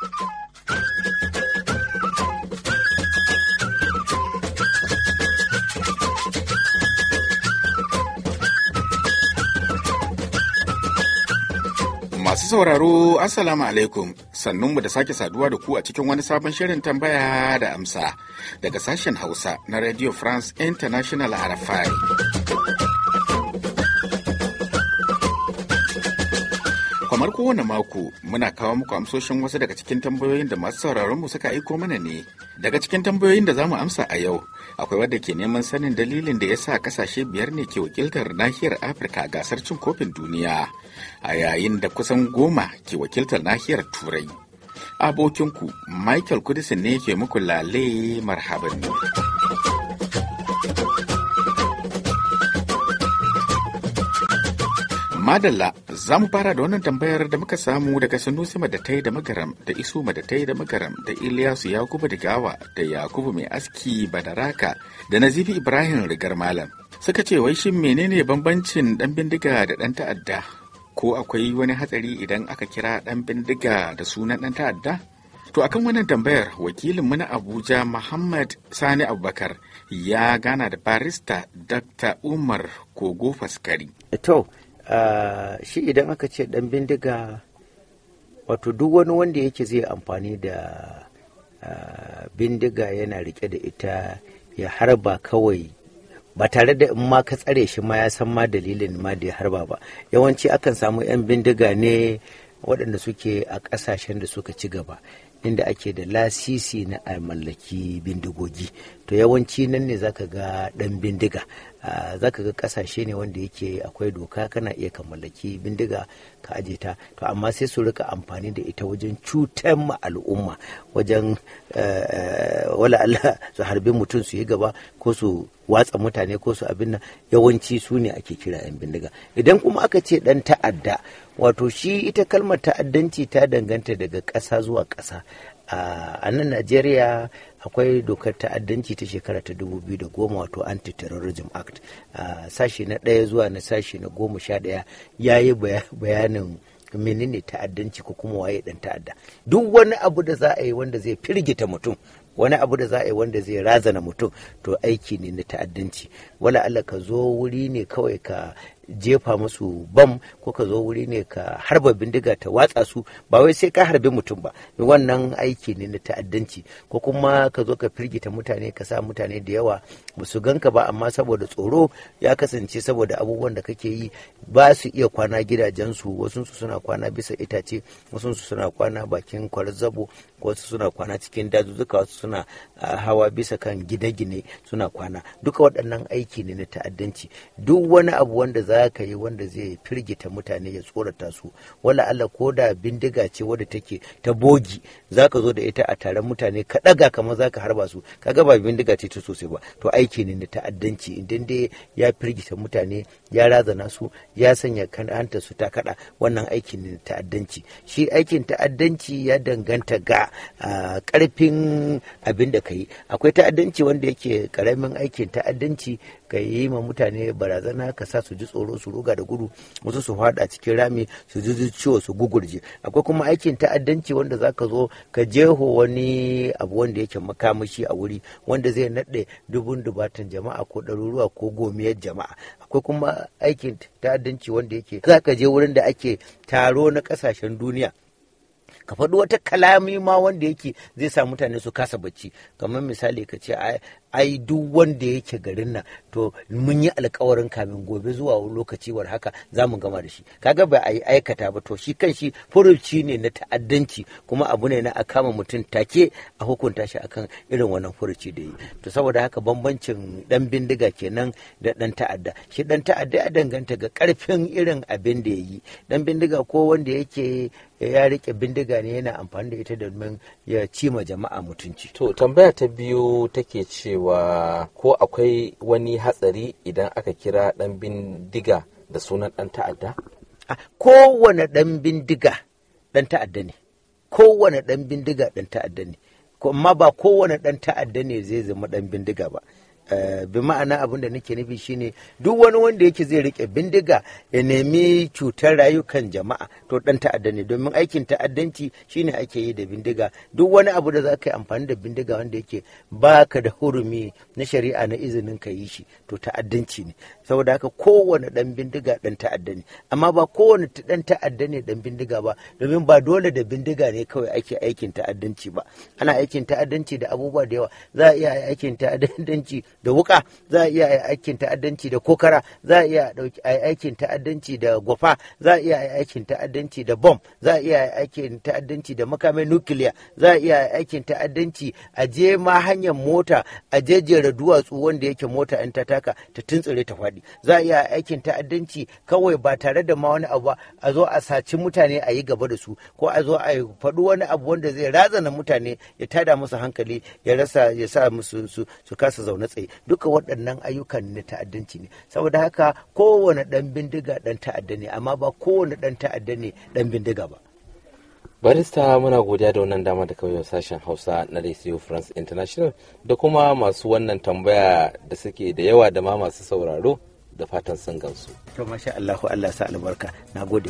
Masu sauraro, Assalamu alaikum, sannunmu da sake saduwa da ku a cikin wani sabon shirin tambaya da amsa daga sashen Hausa na Radio France International RFI. Kamar kowane mako muna kawo muku amsoshin wasu daga cikin tambayoyin da masu sauraron mu suka aiko mana ne. Daga cikin tambayoyin da za mu amsa a yau, akwai wadda ke neman sanin dalilin da ya sa kasashe biyar ne ke wakiltar nahiyar Afirka gasar cin kofin duniya, a yayin da kusan goma ke wakiltar nahiyar Turai. Abokinku Michael Kudisin ne ke muku lale marhaban. Madalla za mu fara da wannan tambayar da muka samu daga Sanusi sama da Magaram da Isu datai da Magaram da Ilyasu Yakubu da Gawa da Yakubu Mai Aski Badaraka da Nazifi Ibrahim Rigar Malam. Suka ce wai shin menene bambancin ɗan bindiga da dan ta'adda? Ko akwai wani hatsari idan aka kira ɗan bindiga da sunan ɗan ta'adda? To akan wannan tambayar wakilin mu na Abuja Muhammad Sani Abubakar ya gana da barista Dr. Umar Kogo Faskari. To, Ah, shi idan aka ce dan bindiga wato duk wani wanda yake zai amfani da ah, bindiga yana rike da ita ya harba kawai ba tare da in ma ka tsare shi ma ya san ma dalilin ma da ya harba ba yawanci akan samu 'yan bindiga ne waɗanda suke a ƙasashen da suka ci gaba inda ake da lasisi na a mallaki bindigogi to yawanci nan ne zaka ga dan bindiga zaka ga kasashe ne wanda yake akwai doka kana iya ka mallaki bindiga ka aje ta to amma sai su rika amfani da ita wajen cutar ma al'umma wajen eh, eh, wala Allah su harbi mutum su yi gaba ko su watsa mutane ko su abin nan yawanci su ne ake kira yan bindiga idan kuma aka ce dan ta'adda wato shi ita kalmar ta'addanci ta danganta daga ƙasa zuwa ƙasa a nan najeriya akwai dokar ta'addanci ta shekara ta 2010 wato anti-terrorism act sashi na ɗaya zuwa na sashi na goma sha ɗaya ya yi bayanin menene ta'addanci ko kuma waye dan ta'adda duk wani abu da za a yi wanda zai firgita mutum wani abu da za a yi wanda zai razana mutum to aiki ne na ta'addanci wala Allah ka zo wuri ne kawai ka jefa musu bam ko ka zo wuri ne ka harba bindiga ta watsa su ba wai sai ka harbi mutum ba wannan aiki ne na ta'addanci ko kuma ka zo ka firgita mutane ka sa mutane da yawa ba su ganka ba amma saboda tsoro ya kasance saboda abubuwan da kake yi ba su iya kwana gidajensu wasu su suna kwana bisa itace wasu su suna kwana bakin kwarzabo wasu suna kwana cikin dazuzzuka wasu suna hawa bisa kan gine-gine suna kwana duka waɗannan aiki ne na ta'addanci duk wani abu wanda za ka yi wanda zai firgita mutane ya tsorata su wala Allah ko da bindiga ce wadda take ta bogi za ka zo da ita a taron mutane ka ɗaga kamar za ka harba su kaga ba bindiga ce ta sosai ba to aiki ne na ta'addanci idan dai ya firgita mutane ya razana su ya sanya hanta su ta kaɗa wannan aiki ne na ta'addanci shi aikin ta'addanci ya danganta ga ƙarfin abin da ka yi akwai ta'addanci wanda yake karamin aikin ta'addanci ka yi ma mutane barazana ka sa su ji tsoro su ruga da gudu wasu su fada cikin rami su ji ciwo su gugurje akwai kuma aikin ta'addanci wanda za ka zo ka jeho wani abu wanda yake makamashi a wuri wanda zai naɗe dubun dubatan jama'a ko ɗaruruwa ko gomiyar jama'a akwai kuma aikin ta'addanci wanda yake za ka je wurin da ake taro na ƙasashen duniya ka faɗi wata kalami ma wanda yake zai sa mutane su kasa bacci kamar misali ka ce ai duk wanda yake garin nan to mun yi alkawarin kamin gobe zuwa lokaci war haka za mu gama da shi kaga ba a yi aikata ba to shi kan shi furuci ne na ta'addanci kuma abu ne na a kama mutum take a hukunta shi akan irin wannan furuci da yi to saboda haka bambancin dan bindiga kenan da dan ta'adda shi dan ta'adda ya danganta ga karfin irin abin da ya yi dan bindiga ko wanda yake ya rike bindiga ne yana amfani da ita domin ya cima jama'a mutunci to tambaya ta biyu take cewa cewa ko akwai wani hatsari idan aka kira ɗan bindiga da sunan ɗan ta'adda? Kowane ɗan bindiga ɗan ta'adda ne, kowane ɗan bindiga ɗan ta'adda ne, amma ba kowane ɗan ta'adda ne zai zama ɗan bindiga ba. Eh, bi ma'ana abin da nake nufi shine duk wani wanda yake zai rike bindiga ya nemi cutar rayukan jama'a to dan ta'adda ne domin aikin ta'addanci shine ake yi da bindiga duk wani abu da za ka yi amfani da bindiga wanda yake baka da hurumi na shari'a na izinin ka yi shi to ta'addanci ne saboda haka kowane dan bindiga dan ta'adda ne amma ba kowane dan ta'adda ne dan bindiga ba domin ba dole da bindiga ne kawai ake aikin ta'addanci ba ana aikin ta'addanci da abubuwa da yawa za a iya aikin ta'addanci da wuka za a iya aikin ta'addanci da kokara za a iya aikin ta'addanci da gwafa za a iya aikin ta'addanci da bom za a iya aikin ta'addanci da makamai nukiliya za a iya aikin ta'addanci a je ma hanyar mota a jejjera duwatsu wanda yake mota in ta taka ta tuntsure ta faɗi za a iya aikin ta'addanci kawai ba tare da ma wani abu a zo a saci mutane a yi gaba da su ko a zo a faɗi wani abu wanda zai razana mutane ya tada musu hankali ya rasa ya sa musu su kasa zaune tsaye duka waɗannan ayyukan na ta'addanci ne saboda haka kowane ɗan bindiga ɗan ta'adda ne amma ba kowane ɗan ta'adda ne ɗan bindiga ba barista muna godiya da wannan dama da kawai sashen hausa na radio france international da kuma masu wannan tambaya da suke da yawa da ma masu sauraro da fatan san gansu. To masha Allahu Allah sa albarka. Na gode.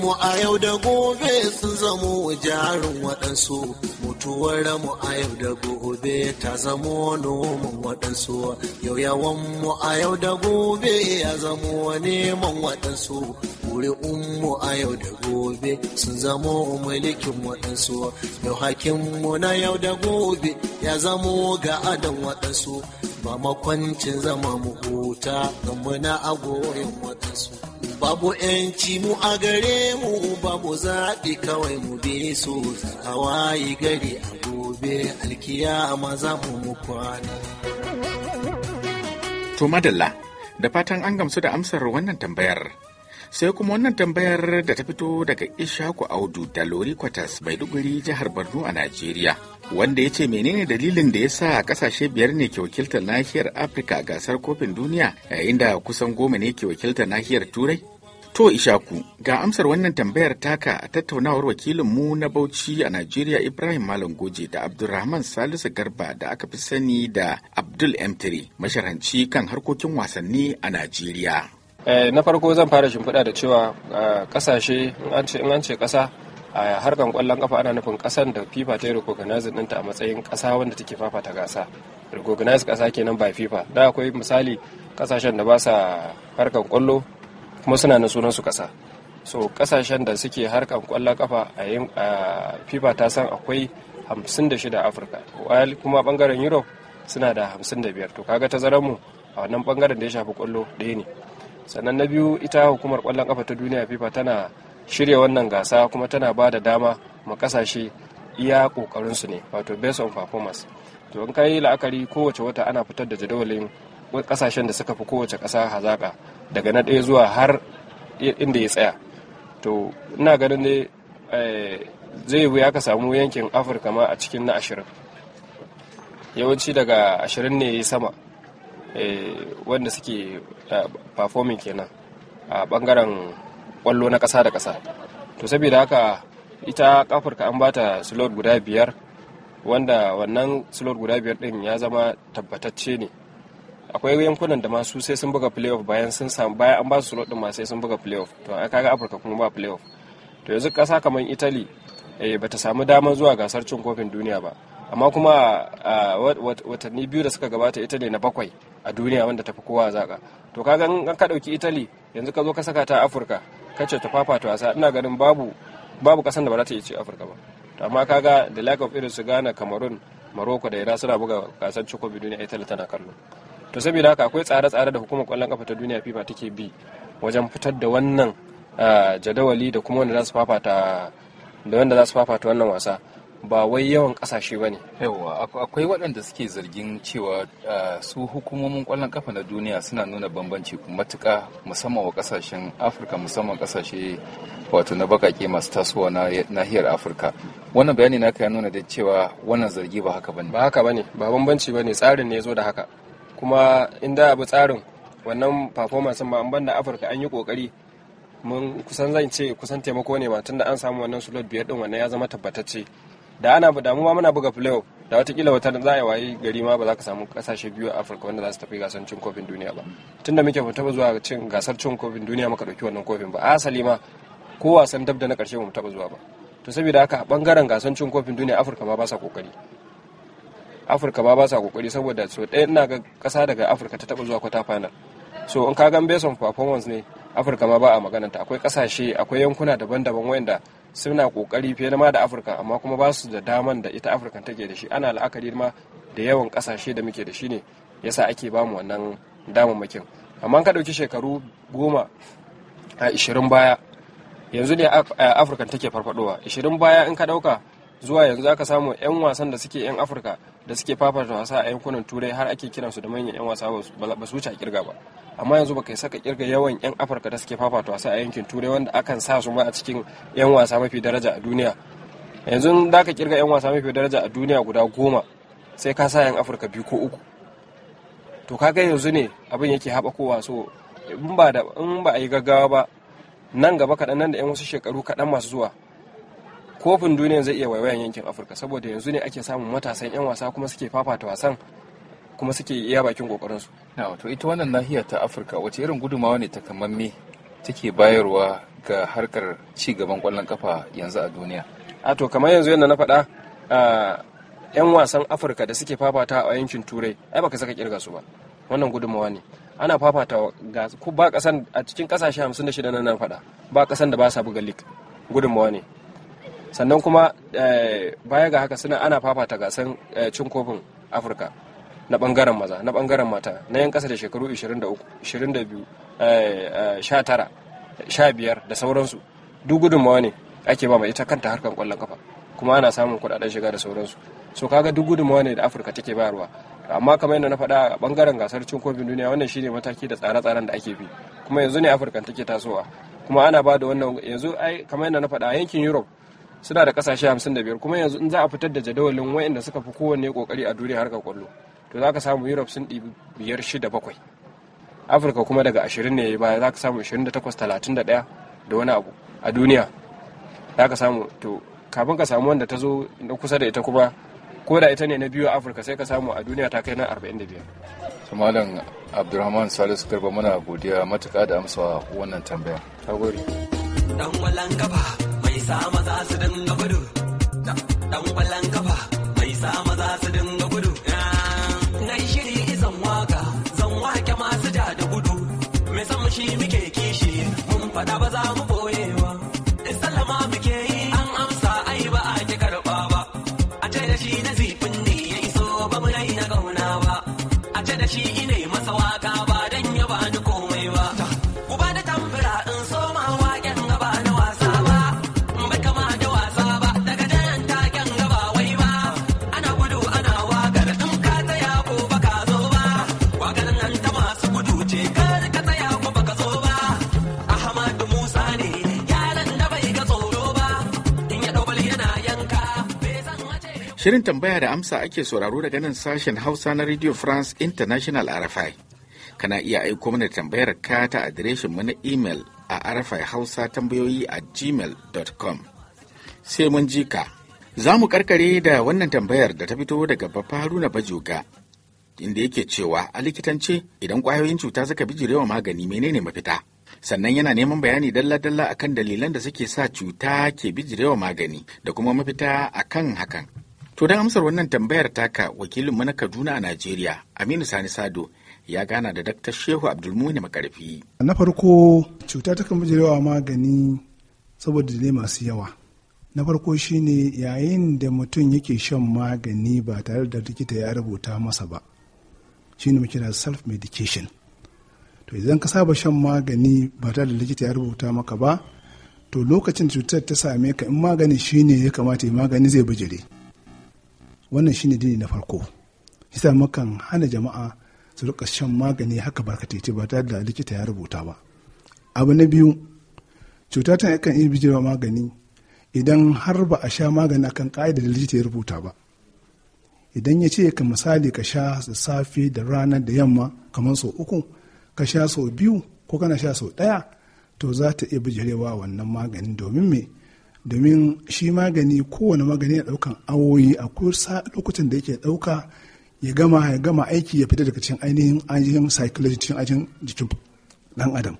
mu a yau da gobe sun zamo jarin waɗansu mutuwar mu a yau da gobe ta zamo noman waɗansu yau yawan mu a yau da gobe ya zamo neman waɗansu ƙuri'unmu a yau da gobe sun zamo mulkin waɗansu yau hakinmu na yau da gobe ya zamo ga adon waɗansu ba makwancin zama mu huta ga muna a goyon watansu. babu yanci mu a gare mu babu zaɓi kawai mu bi su a gari a gobe alkiya maza mu mu kwana. To madalla da fatan an gamsu da amsar wannan tambayar. sai kuma wannan tambayar da ta fito daga ishaku audu da lori kwatas maiduguri jihar borno a najeriya wanda ya ce menene dalilin da ya sa kasashe biyar ne ke wakiltar nahiyar afirka a gasar kofin duniya yayin da kusan goma ne ke wakiltar nahiyar turai to ishaku ga amsar wannan tambayar taka a tattaunawar wakilinmu na bauchi a najeriya ibrahim malam goje da abdulrahman salisu garba da aka fi sani da abdul m3 masharanci kan harkokin wasanni a najeriya Eh, na farko zan fara shimfiɗa da cewa eh, ƙasashe in an ce ƙasa a harkan kwallon kafa ana nufin ƙasan da fifa ta yi recognize ɗinta a matsayin ƙasa wanda take fafata gasa recognize ƙasa kenan ba fifa da akwai misali ƙasashen da ba sa harkan kwallo kuma suna na sunan su ƙasa so ƙasashen da suke harkan kwallon kafa a fifa ta san akwai 56 a afirka kuma bangaren europe suna da biyar to kaga tazarar mu a wannan bangaren da ya shafi kwallo ɗaya ne sannan na biyu ita hukumar kwallon kafa ta duniya fifa tana shirya wannan gasa kuma tana ba da dama ma kasashe iya kokarinsu ne wato best on performance to in kai la'akari kowace wata ana fitar da jadawalin kasashen da suka fi kowace kasa hazaka daga na ɗaya zuwa har inda ya tsaya to ina ganin ne eh, zai wuya ka samu yankin afirka ma a cikin na ashirin yawanci daga ashirin ne ya sama Eh, wanda suke eh, performing kenan a bangaren kwallo na kasa da kasa to saboda haka ita ka an bata slot guda biyar wanda wannan slot guda biyar din ya zama tabbatacce ne akwai yankunan da masu sai sun buga playoff bayan sun samu bayan an ba su slot din ma sai sun buga playoff to a kaga afirka kuma ba playoff to yanzu kasa kamar italy eh, bata samu damar zuwa gasar cin kofin duniya ba amma kuma ah, watanni biyu da suka gabata italy na bakwai a duniya wanda tafi kowa zaka to ka ga in ka dauki italy yanzu ka zo ka saka ta afirka ka ce ta wasa ina ganin babu babu kasan da ba za ta iya ci afirka ba to amma ga da lack of irin su ghana cameroon morocco da ira suna buga gasar cikobi duniya italy tana kallo to saboda haka akwai tsare-tsare da hukumar kwallon kafa ta duniya fifa take bi wajen fitar da wannan ah, jadawali da kuma wanda za su fafata da wanda za su fafata wannan wasa ba wai yawan kasashe ba ne. Yawa akwai waɗanda suke zargin cewa su hukumomin ƙwallon kafa na duniya suna nuna bambanci matuƙa musamman wa ƙasashen Afirka musamman ƙasashe wato na baƙaƙe masu tasowa na nahiyar Afirka. Wannan bayani naka ya nuna da cewa wannan zargi ba haka bane. Ba haka bane, ba bambanci bane, tsarin ne ya zo da haka. Kuma in da abu tsarin wannan performance ba an banda Afirka an yi ƙoƙari mun kusan zan ce kusan taimako ne ma tunda an samu wannan slot biyar din wannan ya zama tabbatacce. da ana ba damuwa muna buga playoff da watakila wata za a wayi gari ma ba za ka samu kasashe biyu a afirka wanda za su tafi gasar cin kofin duniya ba tunda muke fita ba zuwa cin gasar cin kofin duniya muka ɗauki wannan kofin ba asali ma ko wasan dab da na ƙarshe mu taɓa zuwa ba to saboda haka bangaren gasar cin kofin duniya afirka ma ba sa kokari afirka ma ba sa kokari saboda so ɗaya ina ga ƙasa daga afirka ta taɓa zuwa kwata final so in ka gan based on performance ne afirka ma ba a magananta akwai kasashe akwai yankuna daban-daban wanda suna kokari fiye da ma da afirka amma kuma ba su da daman da ita afirka take da shi ana la'akari ma da yawan kasashe da muke da shi ne yasa ake bamu wannan damammakin amma ka ɗauki shekaru goma a ishirin baya yanzu ne afirka take farfadowa ishirin baya in ka ɗauka zuwa yanzu za ka samu 'yan wasan da suke 'yan afirka da suke fafata wasa a yankunan turai har ake kiransu da manyan 'yan wasa ba su wuce a kirga ba amma yanzu baka kai saka kirga yawan 'yan afirka da suke fafata wasa a yankin turai wanda akan sa su ma a cikin 'yan wasa mafi daraja a duniya yanzu da ka kirga 'yan wasa mafi daraja a duniya guda goma sai ka sa 'yan afirka biyu ko uku to kaga yanzu ne abin yake haɓakowa so in ba a yi gaggawa ba nan gaba kaɗan nan da 'yan wasu shekaru kaɗan masu zuwa kofin duniya zai iya waiwayan yankin afirka saboda yanzu ne ake samun matasan 'yan wasa kuma suke fafata wasan kuma suke iya bakin kokarinsu na wato ita wannan nahiya ta afirka wace irin gudumawa ne takamamme take bayarwa ga harkar ci gaban kwallon kafa yanzu a duniya a to kamar yanzu yadda na faɗa 'yan wasan afirka da suke fafata a yankin turai ai baka saka kirga su ba wannan gudunmawa ne ana fafata ga ba kasan a cikin kasashe 56 na nan faɗa ba kasan da ba sa buga lig gudunmawa ne sannan kuma eh, baya ga haka suna ana fafata gasan eh, cin kofin afirka na bangaren maza na bangaren mata na yan kasa da shekaru 22 15 eh, da sauransu duk gudunmawa ne ake ba mai ita kanta harkar kwallon kafa kuma ana samun kudaden shiga da sauransu so kaga duk gudunmawa ne da afirka take bayarwa amma kamar yadda na faɗa a bangaren gasar cin kofin duniya wannan shine mataki da tsare-tsaren da ake bi kuma yanzu ne afirka take tasowa kuma ana ba da wannan yanzu ai kamar yadda na faɗa yankin europe suna da kasashe 55 kuma yanzu in za a fitar da jadawalin wayanda suka fi kowanne kokari a duniya harkar kwallo to za ka samu europe sun ɗibi biyar shida bakwai afirka kuma daga 20 ne baya za ka samu 28 31 da wani abu a duniya za ka samu to kafin ka samu wanda ta zo na kusa da ita kuma ko da ita ne na biyu a afirka sai ka samu a duniya ta kai na 45 malam abdulrahman salisu garba muna godiya matuka da amsa wannan tambaya ta gori walan gaba sa maza su dinga gudu Shirin tambaya da amsa ake sauraro daga nan sashen Hausa na Radio France International RFI. Kana iya aiko mana tambayar ka ta adireshin mu na email a RFI Hausa tambayoyi a gmail.com. Sai mun ji ka. Za mu karkare da wannan tambayar da ta fito daga bafa Haruna Bajoga. Inda yake cewa a likitance idan kwayoyin cuta suka bijirewa magani menene mafita? sannan yana neman bayani dalla-dalla akan dalilan da suke sa cuta ke bijirewa magani da kuma mafita akan hakan. To don amsar wannan tambayar taka wakilinmu na Kaduna a Najeriya, Aminu Sani Sado, ya gana da Dr. Shehu Abdulmuni Makarfi. Na farko cuta ta kan bijirewa magani saboda dalilai masu yawa. Na farko shi ne yayin da mutum yake shan magani ba tare da likita ya rubuta masa ba. ne muke da self medication. To idan ka saba shan magani ba tare da likita ya rubuta maka ba, to lokacin cutar ta same ka in magani shi ne ya kamata magani zai bijire. wannan shine dini na farko yasa mukan hana jama'a su rika shan magani haka barkatai ba tare da likita ya rubuta ba abu na biyu cuta tana yakan iya bijirwa magani idan har ba a sha magani akan ka'ida da likita ya rubuta ba idan ya ce ka misali ka sha su safe da rana da yamma kamar sau uku ka sha sau biyu ko kana sha sau ɗaya to za ta iya bijirewa wannan maganin domin me domin shi magani kowane magani ya ɗaukan awoyi a kusa lokacin da yake ɗauka ya gama ya gama aiki ya fita daga cikin ainihin ainihin psychology cikin ainihin jikin ɗan adam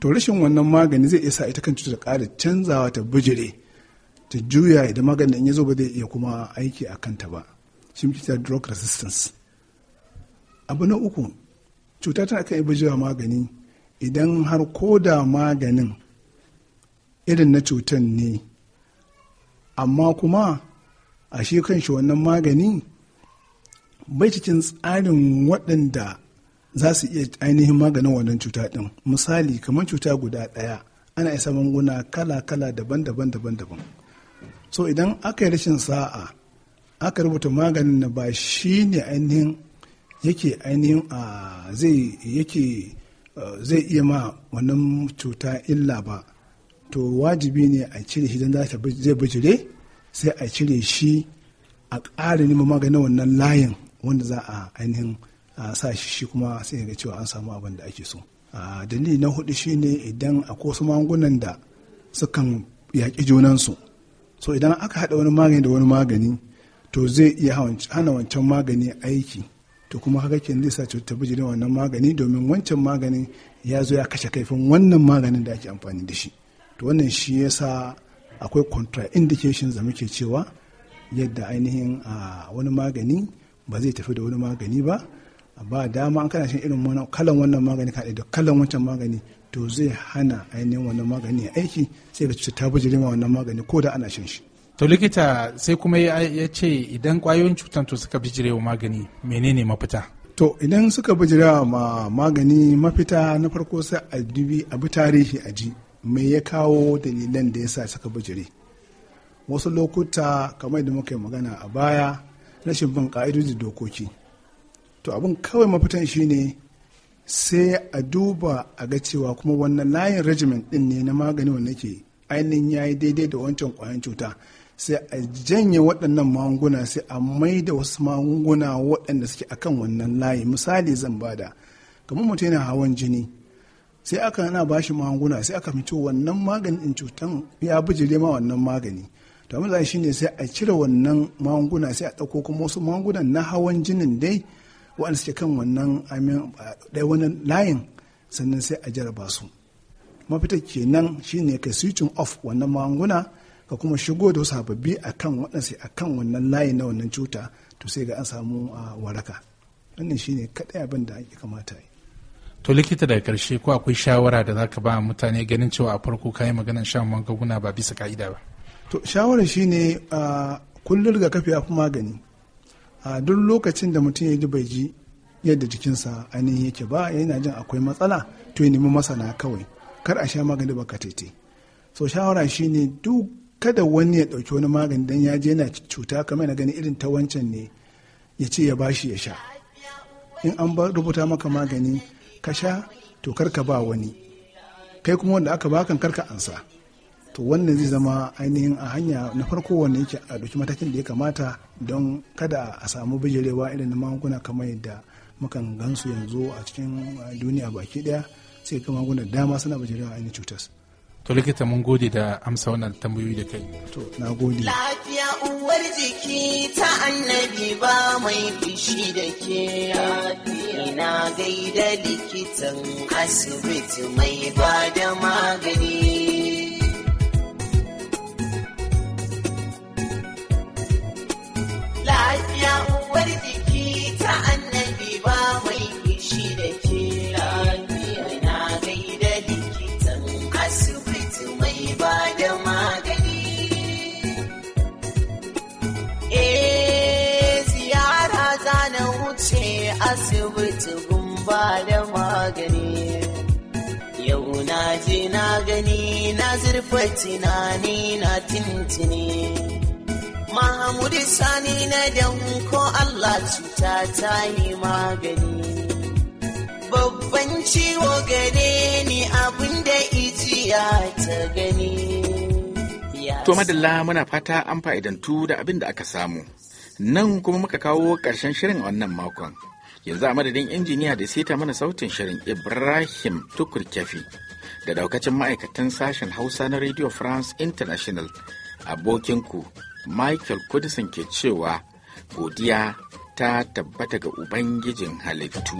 to rashin wannan magani zai iya sa ita kan cutar ƙara canzawa ta bijire ta juya idan maganin in ya zo ba zai iya kuma aiki a kanta ba shi muke cutar drug resistance abu na uku cuta tana kan bijirewa magani idan har ko da maganin irin na cutan ne amma kuma a shi kanshi wannan magani bai cikin tsarin waɗanda za su iya ainihin maganin wannan cuta ɗin misali kamar cuta guda ɗaya ana isa manguna kala-kala daban-daban daban-daban so idan aka yi rashin sa'a aka rubuta maganin na ba shi ne ainihin yake ainihin a zai iya ma wannan cuta illa ba to wajibi ne a cire shi don zai bijire sai a cire shi a ƙara nima maganin wannan layin wanda za a ainihin sa shi kuma sai ga cewa an samu abin da ake so dalili na hudu ne idan akwai wasu magungunan da sukan yaƙi junansu so idan aka haɗa wani magani da wani magani to zai iya hana wancan magani aiki to kuma haka ke zai sa cutar bijirin wannan magani domin wancan magani ya zo ya kashe kaifin wannan maganin da ake amfani da shi to wannan shi yasa akwai contraindications da muke cewa yadda ainihin wani magani ba zai tafi da wani magani ba ba dama an kana shan irin wannan kalan wannan magani ka da kalan wancan magani to zai hana ainihin wannan magani aiki sai da cuta bijirima wannan magani ko da ana shan shi to likita sai kuma ya ce idan kwayoyin cutan to suka wa magani menene mafita to idan suka bijire wa magani mafita na farko sai a dubi abu tarihi a ji me ya kawo dalilan da ya sa suka bijire wasu lokuta kamar da muka yi magana a baya rashin bin da dokoki to abin kawai mafitan shine sai a duba a ga cewa kuma wannan layin regimen din ne na magani wanda ke ainihin ya yi daidai da wancan kwayan cuta sai a janye waɗannan magunguna sai a maida wasu magunguna waɗanda suke akan wannan layi misali zan bada kamar mutum yana hawan jini sai aka na ba shi magunguna sai aka fito wannan maganin cutan ya bijire ma wannan magani to amma zai shine sai a cire wannan magunguna sai a ɗauko kuma wasu magungunan na hawan jinin dai waɗanda suke kan wannan amin ɗaya wannan layin sannan sai a jaraba su mafita kenan shine ka switching off wannan magunguna ka kuma shigo da wasu hababbi akan waɗansu akan wannan layin na wannan cuta to sai ga an samu ah, waraka wannan shine kaɗai abin da ya kamata yi to likita daga karshe ko akwai shawara da zaka ba mutane ganin cewa a farko ka yi maganar shan magunguna ba bisa ka'ida ba to shawara ne a kullum ga kafi magani a duk lokacin da mutum ya ji bai ji yadda jikinsa ainihin yake ba yana jin akwai matsala to ya nemi masana kawai kar a sha magani ba katete so shawara shi ne duk kada wani ya ɗauki wani magani dan ya je yana cuta kamar na gani irin ta wancan ne ya ce ya bashi ya sha in an rubuta maka magani ka sha to karka ba wani kai kuma wanda aka bakan karka ansa to wannan zai zama ainihin a hanya na farko wanda yake a ɗauki matakin da ya kamata don kada a samu bijirewa irin na magunguna kamar yadda mukan gansu yanzu a cikin uh, duniya baki ɗaya sai ka magunguna dama suna bijirewa ainihin cutas To likita mun gode da amsa wannan tambayoyi da kai. To na gode. Lafiya uwar jiki ta annabi ba mai fishi da ke ina gaida likitan asibiti mai ba da magani. su ba da magani yau na je na gani na zurfa tunani na tintini Mahamudu sani na danko Allah cuta ta yi magani babban ciwo gare ni abin da ijiya ta gani To madalla muna fata an fa'idantu da abin da aka samu. Nan kuma muka kawo ƙarshen shirin wannan makon. yanzu a madadin injiniya da sita mana sautin shirin ibrahim tukur kyafi da daukacin ma'aikatan sashen hausa na radio france international abokinku michael kudisin ke cewa godiya ta tabbata ga ubangijin halittu